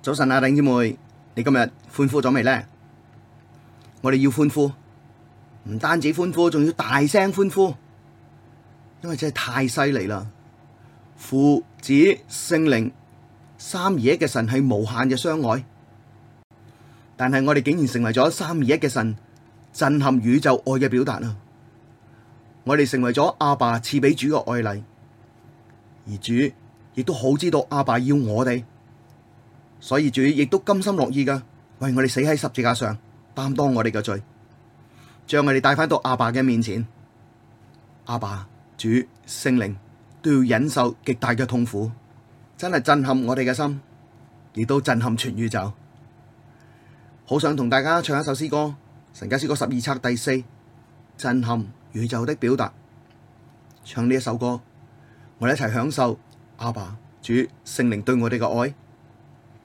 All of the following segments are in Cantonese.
早晨啊，弟兄姊妹，你今日歡呼咗未呢？我哋要歡呼，唔單止歡呼，仲要大聲歡呼，因為真係太犀利啦！父子聖靈三而一嘅神係無限嘅相愛，但係我哋竟然成為咗三而一嘅神，震撼宇宙愛嘅表達啦！我哋成為咗阿爸賜俾主嘅愛禮，而主亦都好知道阿爸要我哋。所以主亦都甘心樂意㗎，為我哋死喺十字架上，擔當我哋嘅罪，將我哋帶返到阿爸嘅面前。阿爸、主、聖靈都要忍受極大嘅痛苦，真係震撼我哋嘅心，亦都震撼全宇宙。好想同大家唱一首詩歌，《神家詩歌十二冊第四》，震撼宇宙的表達。唱呢一首歌，我哋一齊享受阿爸、主、聖靈對我哋嘅愛，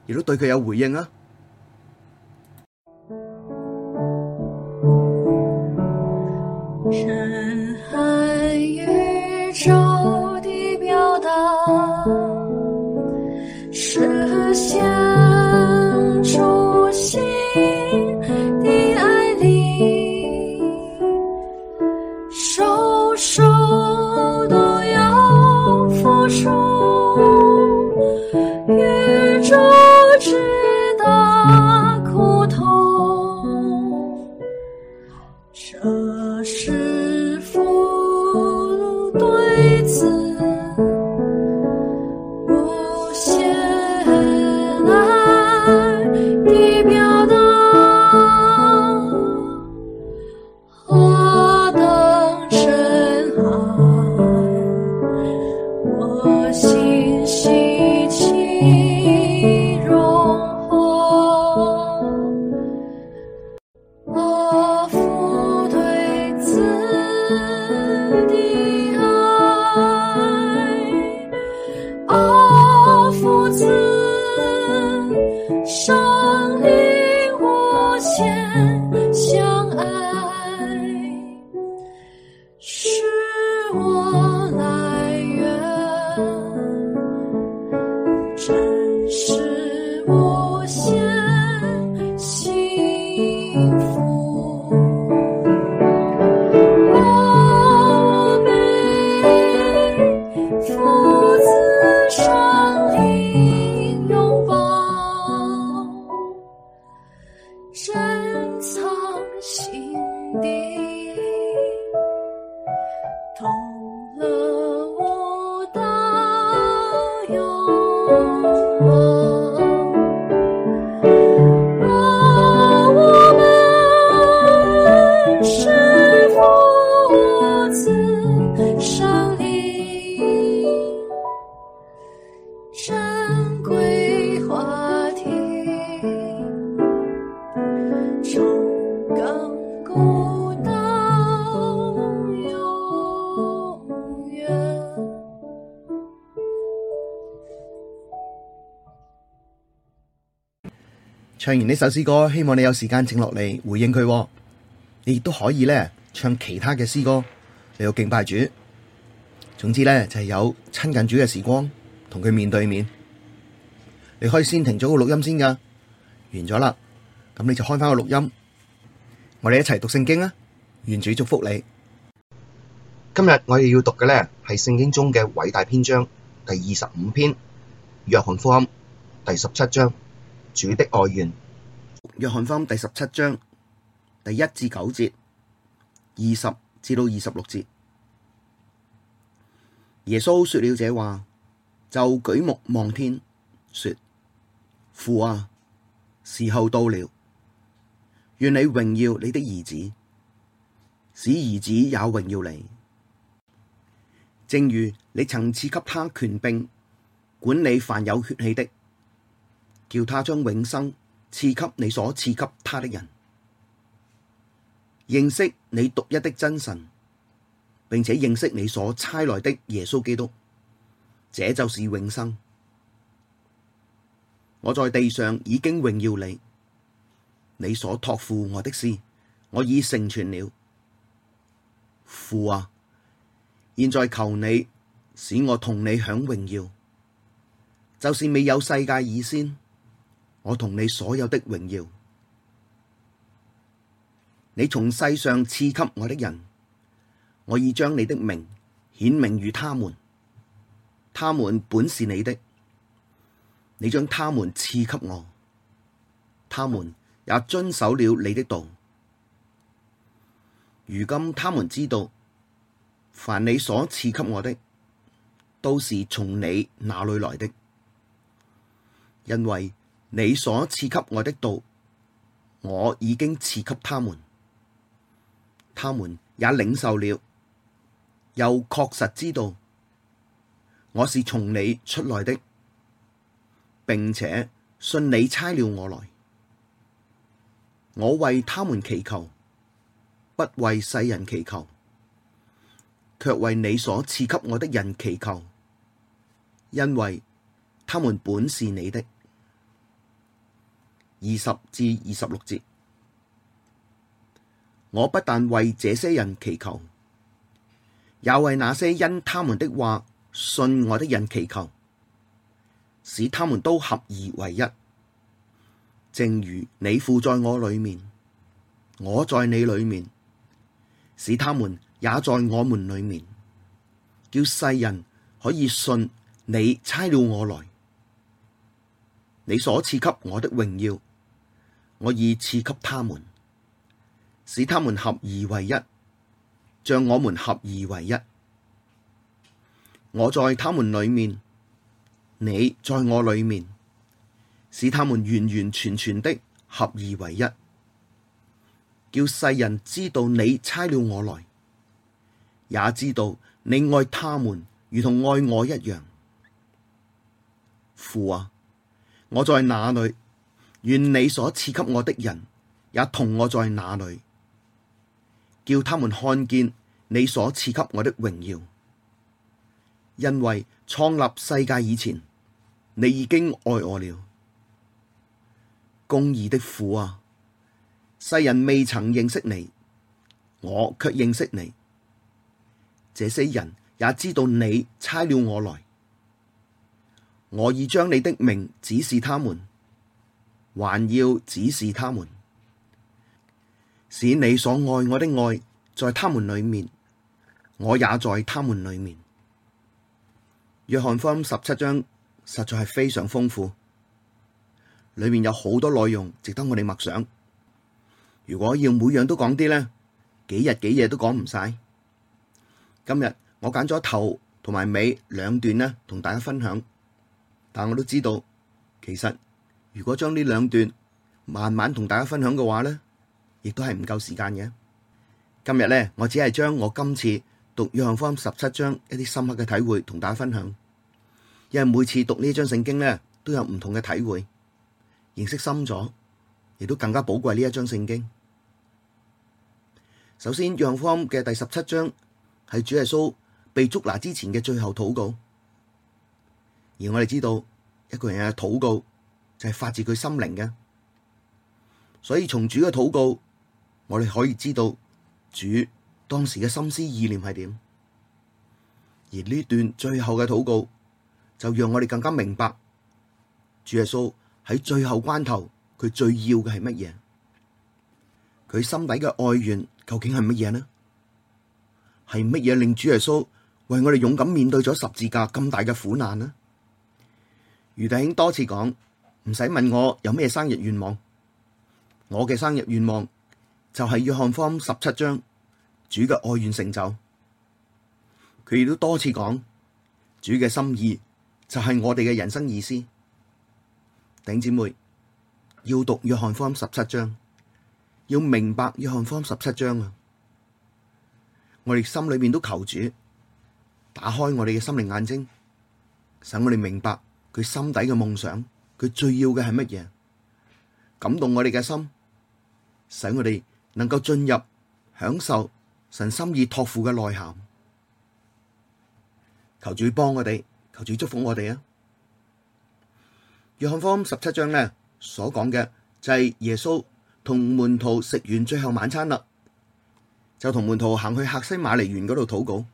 亦都對佢有回應啊！聽完呢首詩歌，希望你有時間請落嚟回應佢，哦。你亦都可以咧唱其他嘅詩歌嚟要敬拜主。總之咧就係、是、有親近主嘅時光，同佢面對面。你可以先停咗個錄音先噶，完咗啦，咁你就開返個錄音，我哋一齊讀聖經啊。願主祝福你。今日我哋要讀嘅咧係聖經中嘅偉大篇章第二十五篇《約翰福音》第十七章《主的愛願》。約翰福音第十七章第一至九節，二十至到二十六節。耶穌說了這話，就舉目望天，說：父啊，時候到了，願你榮耀你的兒子，使兒子也榮耀你。正如你曾賜給他權柄管理凡有血氣的，叫他將永生。賜給你所賜給他的人，認識你獨一的真神，並且認識你所差來的耶穌基督，這就是永生。我在地上已經榮耀你，你所託付我的事，我已成全了。父啊，現在求你使我同你享榮耀，就是未有世界以先。我同你所有的榮耀，你從世上賜給我的人，我已將你的名顯明與他們。他們本是你的，你將他們賜給我，他們也遵守了你的道。如今他們知道，凡你所賜給我的，都是從你那裡來的，因為。你所賜給我的道，我已經賜給他們，他們也領受了，又確實知道我是從你出來的，並且信你差了我來。我為他們祈求，不為世人祈求，卻為你所賜給我的人祈求，因為他們本是你的。二十至二十六節，我不但為這些人祈求，也為那些因他們的話信我的人祈求，使他們都合而為一，正如你父在我裡面，我在你裡面，使他們也在我們裡面，叫世人可以信你差了我來，你所賜給我的榮耀。我已賜給他們，使他們合而為一，像我們合而為一。我在他們裡面，你在我裡面，使他們完完全全的合而為一。叫世人知道你差了我來，也知道你愛他們如同愛我一樣。父啊，我在哪裡？願你所賜給我的人也同我在那裡，叫他們看見你所賜給我的榮耀。因為創立世界以前，你已經愛我了。公義的父啊，世人未曾認識你，我卻認識你。這些人也知道你差了我來，我已將你的名指示他們。還要指示他們，使你所愛我的愛在他們裏面，我也在他們裏面。約翰福音十七章實在係非常豐富，裏面有好多內容值得我哋默想。如果要每樣都講啲咧，幾日幾夜都講唔晒。今日我揀咗頭同埋尾兩段呢，同大家分享。但我都知道，其實。如果將呢兩段慢慢同大家分享嘅話咧，亦都係唔夠時間嘅。今日咧，我只係將我今次讀約翰福音十七章一啲深刻嘅體會同大家分享，因為每次讀呢一章聖經咧，都有唔同嘅體會，認識深咗，亦都更加寶貴呢一章聖經。首先，約翰福音嘅第十七章係主耶穌被捉拿之前嘅最後禱告，而我哋知道一個人嘅禱告係發自佢心靈嘅，所以從主嘅禱告，我哋可以知道主當時嘅心思意念係點。而呢段最後嘅禱告，就讓我哋更加明白主耶穌喺最後關頭，佢最要嘅係乜嘢？佢心底嘅愛願究竟係乜嘢呢？係乜嘢令主耶穌為我哋勇敢面對咗十字架咁大嘅苦難呢？余弟兄多次講。唔使問我有咩生日願望，我嘅生日願望就係約翰福音十七章主嘅愛願成就。佢亦都多次講，主嘅心意就係我哋嘅人生意思。頂姐妹要讀約翰福音十七章，要明白約翰福音十七章啊！我哋心裏面都求主打開我哋嘅心靈眼睛，使我哋明白佢心底嘅夢想。佢最要嘅係乜嘢？感動我哋嘅心，使我哋能夠進入享受神心意托付嘅內涵。求主幫我哋，求主祝福我哋啊！約翰福音十七章咧所講嘅就係耶穌同門徒食完最後晚餐啦，就同門徒行去客西馬尼園嗰度禱告。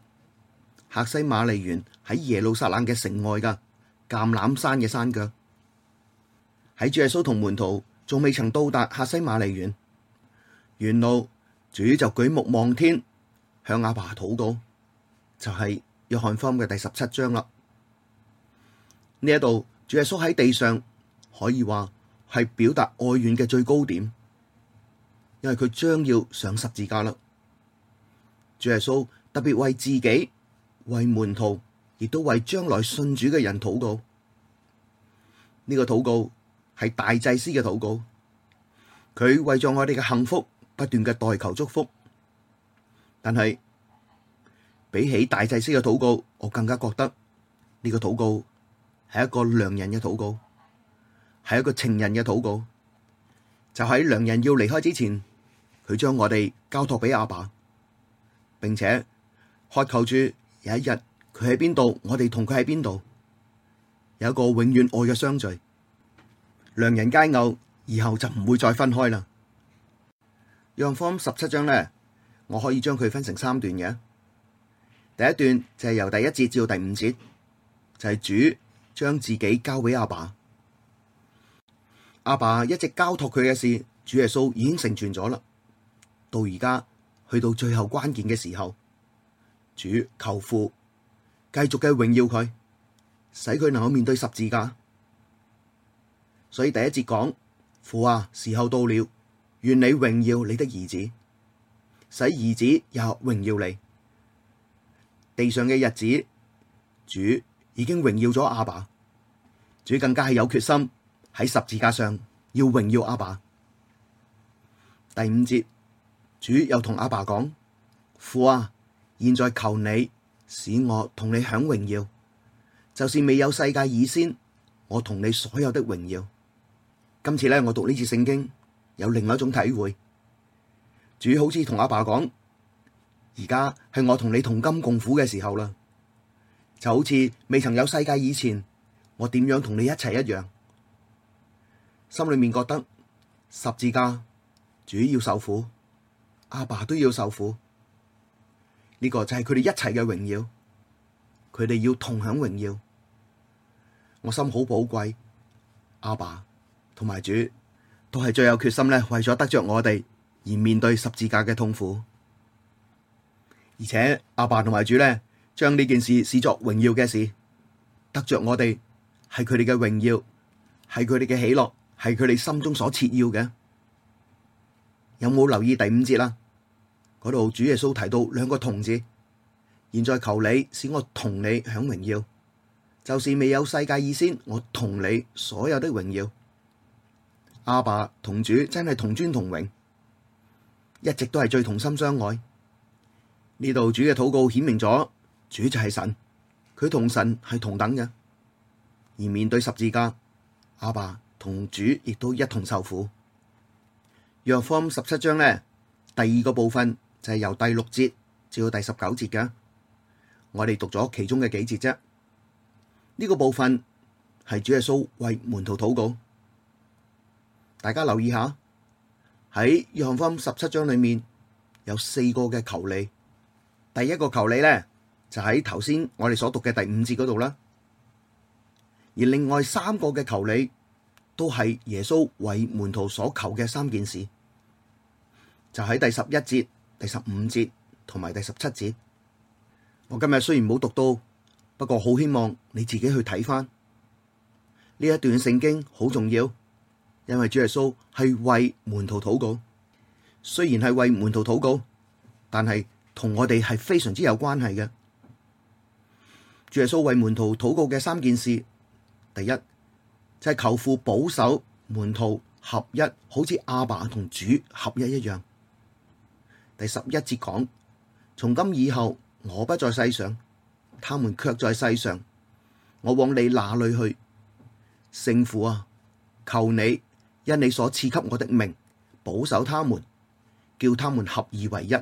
客西馬尼園喺耶路撒冷嘅城外，噶橄欖山嘅山腳。喺主耶穌同門徒仲未曾到達客西馬尼園，沿路主就舉目望天，向阿爸禱告，就係、是、約翰福音嘅第十七章啦。呢一度主耶穌喺地上可以話係表達愛願嘅最高點，因為佢將要上十字架啦。主耶穌特別為自己、為門徒，亦都為將來信主嘅人禱告，呢、這個禱告。係大祭司嘅禱告，佢為咗我哋嘅幸福不斷嘅代求祝福。但係比起大祭司嘅禱告，我更加覺得呢、這個禱告係一個良人嘅禱告，係一個情人嘅禱告。就喺、是、良人要離開之前，佢將我哋交託俾阿爸，並且渴求住有一日佢喺邊度，我哋同佢喺邊度，有一個永遠愛嘅相聚。良人佳偶，以後就唔會再分開啦。約翰福音十七章咧，我可以將佢分成三段嘅。第一段就係、是、由第一節至到第五節，就係、是、主將自己交俾阿爸，爸，阿爸，爸一直交托佢嘅事，主耶穌已經成全咗啦。到而家去到最後關鍵嘅時候，主求父繼續嘅榮耀佢，使佢能夠面對十字架。所以第一節講，父啊，時候到了，願你榮耀你的兒子，使兒子也榮耀你。地上嘅日子，主已經榮耀咗阿爸，主更加係有決心喺十字架上要榮耀阿爸。第五節，主又同阿爸講，父啊，現在求你使我同你享榮耀，就是未有世界以先，我同你所有的榮耀。今次咧，我讀呢次聖經有另外一種體會，主好似同阿爸講：而家係我同你同甘共苦嘅時候啦，就好似未曾有世界以前，我點樣同你一齊一樣。心裏面覺得十字架主要受苦，阿爸都要受苦，呢個就係佢哋一齊嘅榮耀，佢哋要同享榮耀。我心好寶貴，阿爸。同埋主都係最有決心咧，為咗得着我哋而面對十字架嘅痛苦。而且阿爸同埋主咧，將呢件事視作榮耀嘅事，得着我哋係佢哋嘅榮耀，係佢哋嘅喜樂，係佢哋心中所切要嘅。有冇留意第五節啦？嗰度主耶穌提到兩個同志，現在求你使我同你享榮耀，就是未有世界以先，我同你所有的榮耀。阿爸同主真係同尊同榮，一直都係最同心相愛。呢度主嘅禱告顯明咗，主就係神，佢同神係同等嘅。而面對十字架，阿爸同主亦都一同受苦。約翰十七章咧，第二個部分就係由第六節至到第十九節嘅，我哋讀咗其中嘅幾節啫。呢、這個部分係主耶穌為門徒禱告。大家留意下，喺約翰福音十七章裏面，有四個嘅求你。第一個求你咧，就喺頭先我哋所讀嘅第五節嗰度啦。而另外三個嘅求你，都係耶穌為門徒所求嘅三件事，就喺第十一節、第十五節同埋第十七節。我今日雖然冇讀到，不過好希望你自己去睇翻呢一段聖經，好重要。因為主耶穌係為門徒禱告，雖然係為門徒禱告，但係同我哋係非常之有關係嘅。主耶穌為門徒禱告嘅三件事，第一就係求父保守門徒合一，好似阿爸同主合一一樣。第十一節講：從今以後，我不在世上，他們卻在世上。我往你那裏去，聖父啊，求你。因你所賜給我的命，保守他們，叫他們合而為一，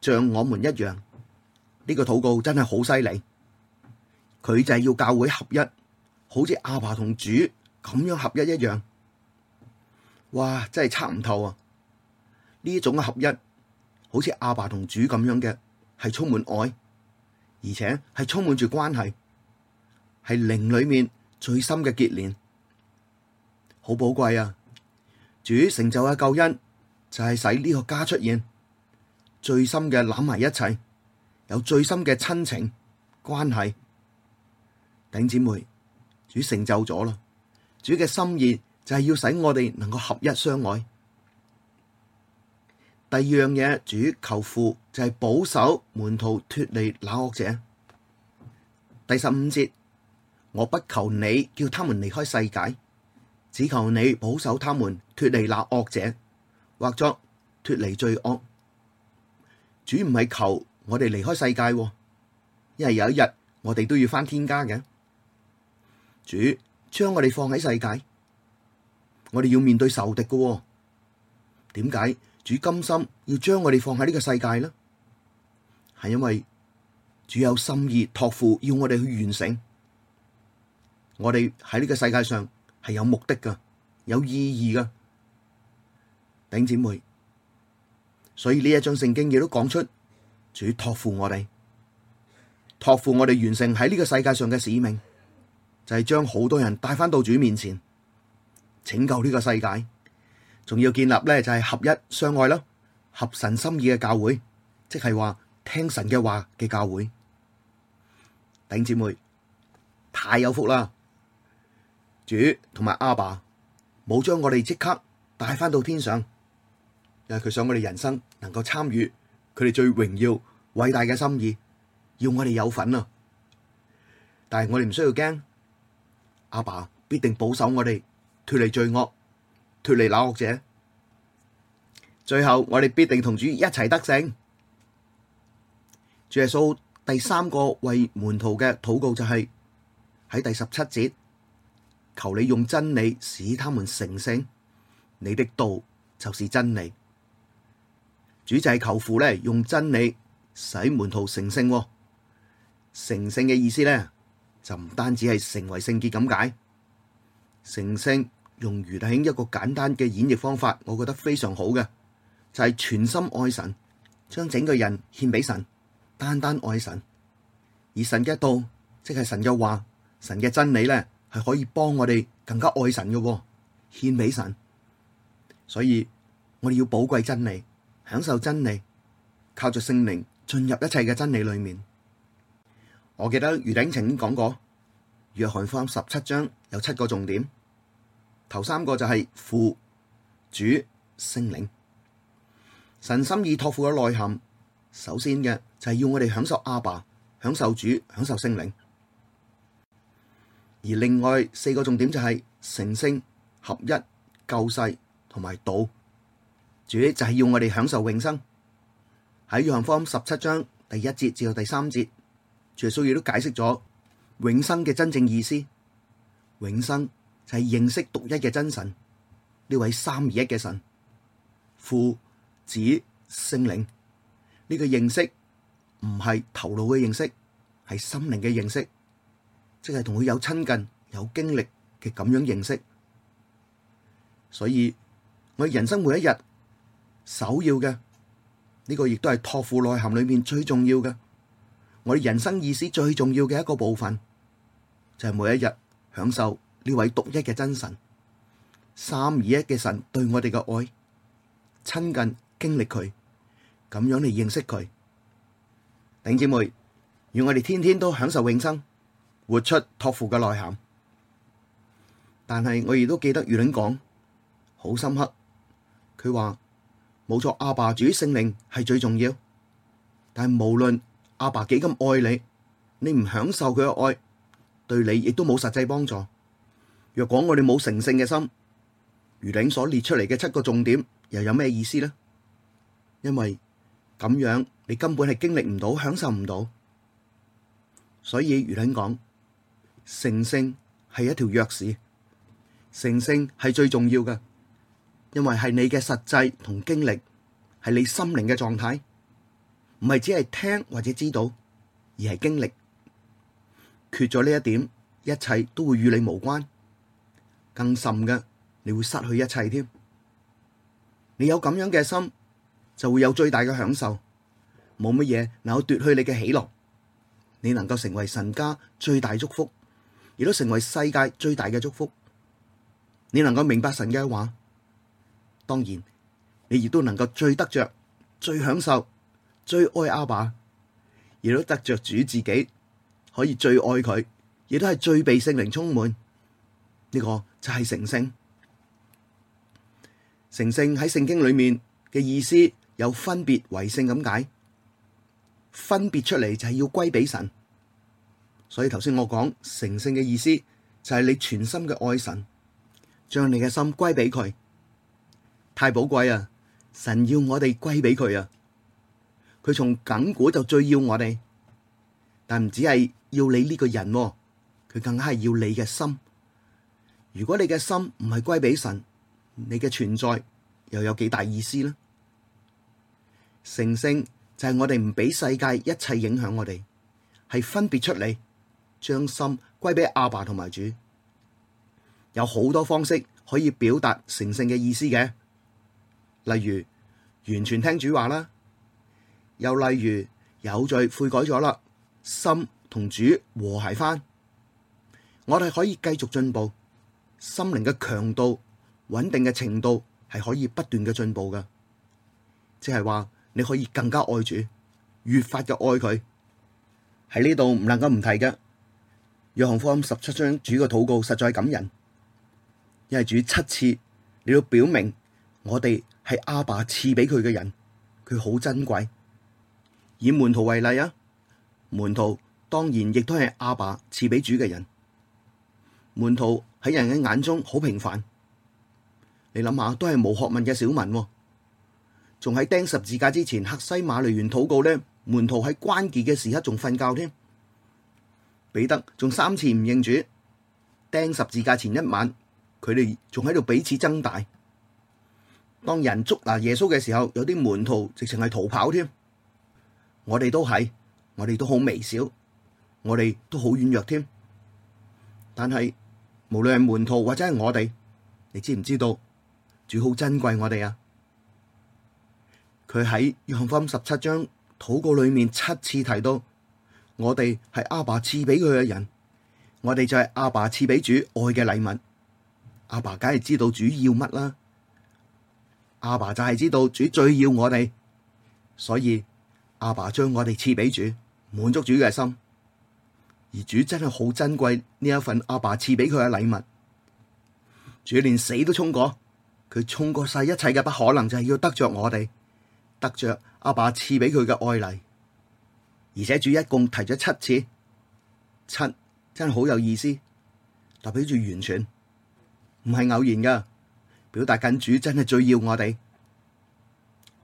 像我們一樣。呢個禱告真係好犀利，佢就係要教會合一，好似阿爸同主咁樣合一一樣。哇，真係差唔透啊！呢種合一，好似阿爸同主咁樣嘅，係充滿愛，而且係充滿住關係，係靈裏面最深嘅結連，好寶貴啊！主成就嘅救恩就係使呢個家出現最深嘅攬埋一齊，有最深嘅親情關係。頂姊妹，主成就咗啦。主嘅心意就係要使我哋能夠合一相愛。第二樣嘢，主求父就係保守門徒脫離那惡者。第十五節，我不求你叫他們離開世界，只求你保守他們脱離那惡者，或者脱離罪惡。主唔係求我哋離開世界，因為有一日我哋都要翻天家嘅。主將我哋放喺世界，我哋要面對仇敵嘅。點解主甘心要將我哋放喺呢個世界呢？係因為主有心意托付，要我哋去完成。我哋喺呢個世界上。係有目的噶，有意義噶，頂姐妹。所以呢一章聖經亦都講出，主托付我哋，託付我哋完成喺呢個世界上嘅使命，就係將好多人帶返到主面前，拯救呢個世界，仲要建立呢，就係合一相愛啦，合神心意嘅教會，即係話聽神嘅話嘅教會，頂姐妹太有福啦！主同埋阿爸冇將我哋即刻帶翻到天上，因為佢想我哋人生能夠參與佢哋最榮耀偉大嘅心意，要我哋有份啊！但係我哋唔需要驚，阿爸必定保守我哋脫離罪惡，脫離那惡者。最後我哋必定同主一齊得勝。主耶穌第三個為門徒嘅禱告就係喺第十七節。求你用真理使他們成聖，你的道就是真理。主就係求父呢，用真理使門徒成聖。成聖嘅意思呢，就唔單止係成為聖潔咁解。成聖用余弟兄一個簡單嘅演繹方法，我覺得非常好嘅，就係、是、全心愛神，將整個人獻俾神，單單愛神，而神嘅道即係神嘅話，神嘅真理呢。」係可以幫我哋更加愛神嘅、哦，獻俾神。所以我哋要寶貴真理，享受真理，靠着聖靈進入一切嘅真理裏面。我記得余鼎曾已經講過，約翰福音十七章有七個重點，頭三個就係父、主、聖靈。神心意托付嘅內涵，首先嘅就係、是、要我哋享受阿爸，享受主，享受聖靈。而另外四個重點就係、是、成聖合一救世、同埋道，主就係要我哋享受永生。喺約翰福音十七章第一節至到第三節，主耶穌亦都解釋咗永生嘅真正意思。永生就係認識獨一嘅真神，呢位三而一嘅神，父子聖靈。呢、這個認識唔係頭腦嘅認識，係心靈嘅認識。即係同佢有親近、有經歷嘅咁樣認識，所以我哋人生每一日首要嘅呢個，亦都係託付內涵裏面最重要嘅。我哋人生意思最重要嘅一個部分，就係每一日享受呢位獨一嘅真神三而一嘅神對我哋嘅愛，親近經歷佢，咁樣嚟認識佢。頂姐妹，願我哋天天都享受永生。活出託付嘅內涵，但係我亦都記得余玲講好深刻。佢話冇錯，阿爸子聖靈係最重要。但係無論阿爸幾咁愛你，你唔享受佢嘅愛，對你亦都冇實際幫助。若果我哋冇誠信嘅心，余玲所列出嚟嘅七個重點又有咩意思呢？因為咁樣你根本係經歷唔到，享受唔到。所以余玲講。成聖係一條鑰匙，成聖係最重要嘅，因為係你嘅實際同經歷，係你心靈嘅狀態，唔係只係聽或者知道，而係經歷。缺咗呢一點，一切都會與你無關，更甚嘅，你會失去一切添。你有咁樣嘅心，就會有最大嘅享受，冇乜嘢能夠奪去你嘅喜樂，你能夠成為神家最大祝福。亦都成為世界最大嘅祝福。你能夠明白神嘅話，當然，你亦都能夠最得着、最享受、最愛阿爸，亦都得着主自己，可以最愛佢，亦都係最被聖靈充滿。呢個就係成聖。成聖喺聖經裏面嘅意思有分別為聖咁解，分別出嚟就係要歸俾神。所以頭先我講成聖嘅意思，就係你全心嘅愛神，將你嘅心歸俾佢。太寶貴啊！神要我哋歸俾佢啊！佢從亙古就最要我哋，但唔止係要你呢個人，佢更加係要你嘅心。如果你嘅心唔係歸俾神，你嘅存在又有幾大意思呢？成聖就係我哋唔俾世界一切影響我哋，係分別出嚟。將心歸俾阿爸同埋主，有好多方式可以表達成聖嘅意思嘅，例如完全聽主話啦，又例如有罪悔改咗啦，心同主和諧翻，我哋可以繼續進步，心靈嘅強度、穩定嘅程度係可以不斷嘅進步噶，即係話你可以更加愛主，越發嘅愛佢，喺呢度唔能夠唔提嘅。約翰福音十七章主嘅禱告實在感人，因為主七次，你要表明我哋係阿爸賜俾佢嘅人，佢好珍貴。以門徒為例啊，門徒當然亦都係阿爸賜俾主嘅人。門徒喺人嘅眼中好平凡，你諗下都係冇學問嘅小民，仲喺釘十字架之前，客西馬尼園禱告呢，門徒喺關鍵嘅時刻仲瞓覺添。彼得仲三次唔認主，釘十字架前一晚，佢哋仲喺度彼此爭大。當人捉拿耶穌嘅時候，有啲門徒直情係逃跑添。我哋都係，我哋都好微小，我哋都好軟弱添。但係無論係門徒或者係我哋，你知唔知道主好珍貴我哋啊？佢喺約翰福音十七章禱告裏面七次提到。我哋係阿爸賜俾佢嘅人，我哋就係阿爸賜俾主愛嘅禮物。阿爸梗係知道主要乜啦，阿爸就係知道主最要我哋，所以阿爸將我哋賜俾主，滿足主嘅心。而主真係好珍貴呢一份阿爸賜俾佢嘅禮物，主連死都衝過，佢衝過晒一切嘅不可能，就係要得着我哋，得着阿爸賜俾佢嘅愛禮。而且主一共提咗七次，七真係好有意思，代表住完全唔係偶然噶表達緊主真係最要我哋。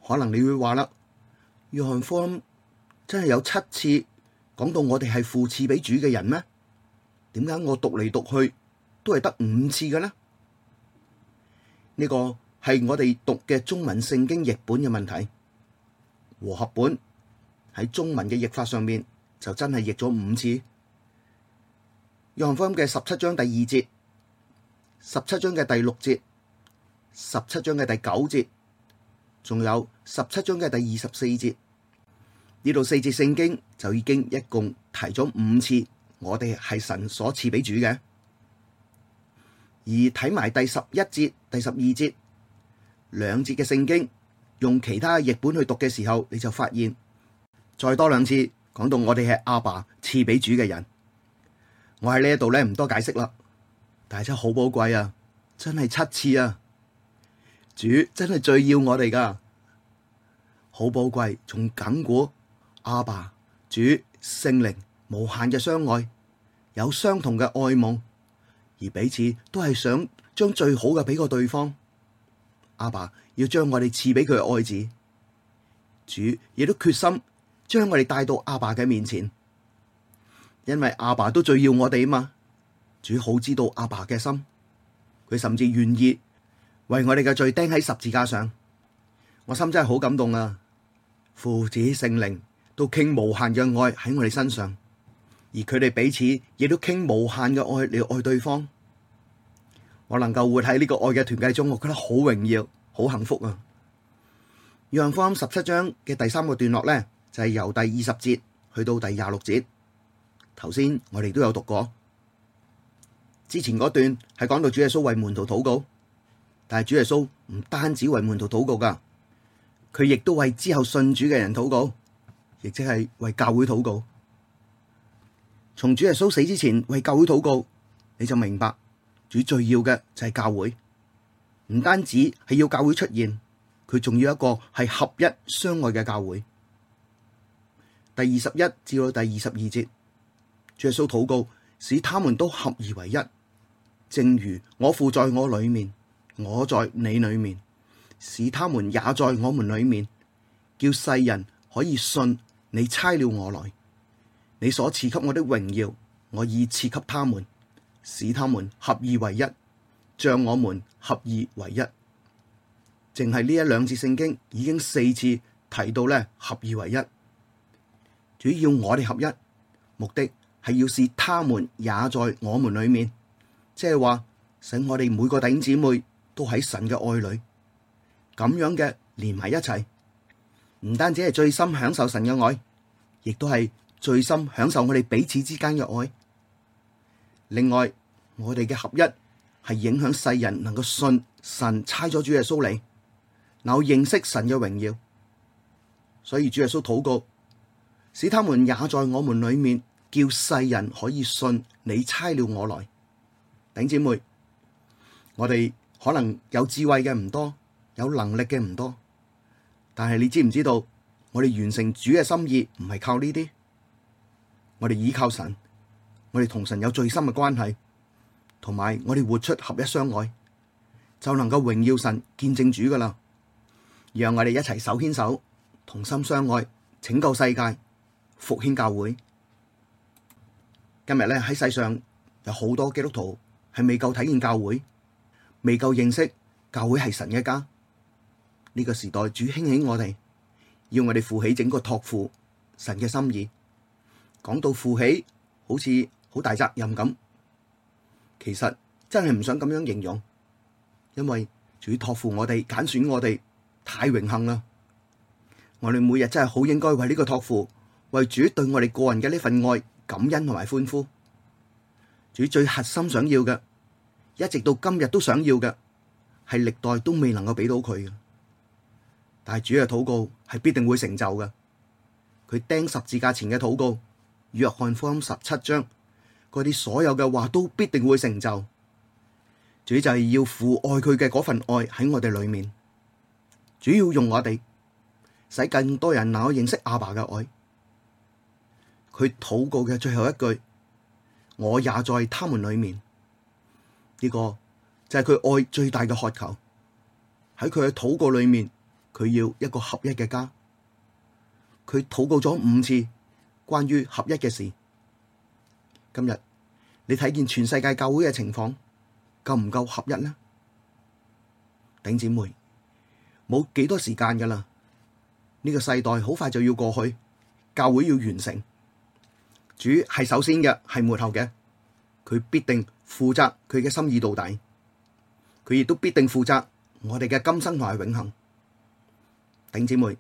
可能你會話啦，約翰福音真係有七次講到我哋係父賜俾主嘅人咩？點解我讀嚟讀去都係得五次嘅咧？呢個係我哋讀嘅中文聖經譯本嘅問題，和合本。喺中文嘅譯法上面就真係譯咗五次。約翰福音嘅十七章第二節、十七章嘅第六節、十七章嘅第九節，仲有十七章嘅第二十四節呢度四節聖經就已經一共提咗五次。我哋係神所賜俾主嘅，而睇埋第十一節、第十二節兩節嘅聖經，用其他譯本去讀嘅時候，你就發現，再多兩次，講到我哋係阿爸賜俾主嘅人，我喺呢一度咧唔多解釋啦。但係真好寶貴啊，真係七次啊！主真係最要我哋噶，好寶貴。從亙古，阿爸、主、聖靈無限嘅相愛，有相同嘅愛夢，而彼此都係想將最好嘅俾個對方。阿爸要將我哋賜俾佢嘅愛子，主亦都決心。將我哋帶到阿爸嘅面前，因為阿爸都最要我哋啊嘛！主好知道阿爸嘅心，佢甚至願意為我哋嘅罪釘喺十字架上。我心真係好感動啊！父子聖靈都傾無限嘅愛喺我哋身上，而佢哋彼此亦都傾無限嘅愛嚟愛對方。我能夠活喺呢個愛嘅團契中，我覺得好榮耀、好幸福啊！約翰十七章嘅第三個段落咧。就係由第二十節去到第二十六節，頭先我哋都有讀過。之前嗰段係講到主耶穌為門徒禱告，但係主耶穌唔單止為門徒禱告噶，佢亦都為之後信主嘅人禱告，亦即係為教會禱告。從主耶穌死之前為教會禱告，你就明白主最要嘅就係教會，唔單止係要教會出現，佢仲要一個係合一相愛嘅教會。第二十一至到第二十二節，耶穌禱告，使他們都合而為一，正如我父在我裡面，我在你裡面，使他們也在我們裡面，叫世人可以信你差了我來。你所賜給我的榮耀，我已賜給他們，使他們合而為一，像我們合而為一。淨係呢一兩節聖經已經四次提到呢「合而為一」。主要我哋合一目的係要使他們也在我們裏面，即係話使我哋每個弟兄姊妹都喺神嘅愛裏，咁樣嘅連埋一齊，唔單止係最深享受神嘅愛，亦都係最深享受我哋彼此之間嘅愛。另外，我哋嘅合一係影響世人能夠信神差咗主耶穌嚟，嗱認識神嘅榮耀。所以主耶穌禱告。使他們也在我們裏面，叫世人可以信你差了我來。頂姐妹，我哋可能有智慧嘅唔多，有能力嘅唔多，但係你知唔知道，我哋完成主嘅心意唔係靠呢啲，我哋依靠神，我哋同神有最深嘅關係，同埋我哋活出合一相愛，就能夠榮耀神，見證主噶啦。讓我哋一齊手牽手，同心相愛，拯救世界。復興教會，今日咧喺世上有好多基督徒係未夠體驗教會，未夠認識教會係神嘅家。呢個時代主興起我哋，要我哋負起整個托付神嘅心意。講到負起，好似好大責任咁，其實真係唔想咁樣形容，因為主托付我哋揀選我哋，太榮幸！啦！我哋每日真係好應該為呢個托付。為主對我哋個人嘅呢份愛感恩同埋歡呼，主最核心想要嘅，一直到今日都想要嘅，係歷代都未能夠俾到佢嘅，但係主嘅禱告係必定會成就嘅。佢釘十字架前嘅禱告，約翰福音十七章嗰啲所有嘅話都必定會成就。主就係要父愛佢嘅嗰份愛喺我哋裏面，主要用我哋使更多人能夠認識阿爸嘅愛。佢禱告嘅最後一句，我也在他們裏面。呢個就係佢愛最大嘅渴求。喺佢嘅禱告裏面，佢要一個合一嘅家。佢禱告咗五次關於合一嘅事。今日你睇見全世界教會嘅情況，夠唔夠合一呢？頂姊妹，冇幾多時間噶啦。呢個世代好快就要過去，教會要完成。主係首先嘅，係末後嘅，佢必定負責佢嘅心意到底，佢亦都必定負責我哋嘅今生同埋永恆。頂姐妹，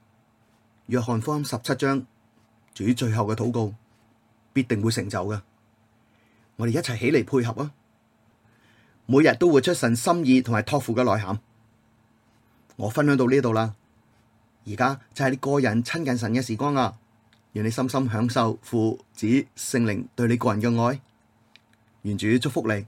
約翰福音十七章，主最後嘅禱告必定會成就嘅，我哋一齊起嚟配合啊！每日都活出神心意同埋託付嘅內涵，我分享到呢度啦。而家就係你個人親近神嘅時光啊！讓你深深享受父子聖靈對你個人嘅愛，願主祝福你。